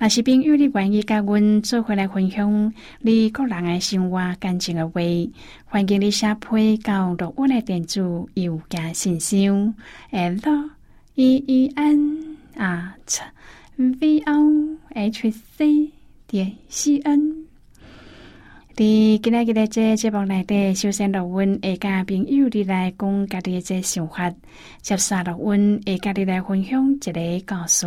若是朋友，你願意甲阮做伙來分享你個人嘅生活感情嘅話，歡迎你寫批到阮溫嘅電子郵件信箱，L E E N A T V O H C 點 C N。你 今日今日在節目內底首先着阮會甲朋友你來講家己嘅想法，接下來着阮會甲你來分享一個故事。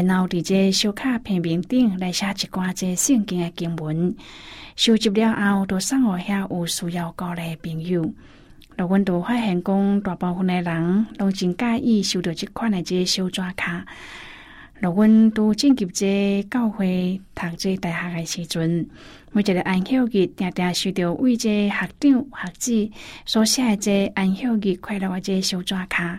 然後佇這小卡片面頂來寫一寡這聖經嘅經文，收集了後都送互遐有需要教咧朋友。若阮都發現講大部分嘅人攏真介意收到一款咧這小紙卡。若阮都進入這教會讀這大學嘅時陣，每一個按休日常常收到為這學長學姊，所寫這只按休日快樂話這小紙卡。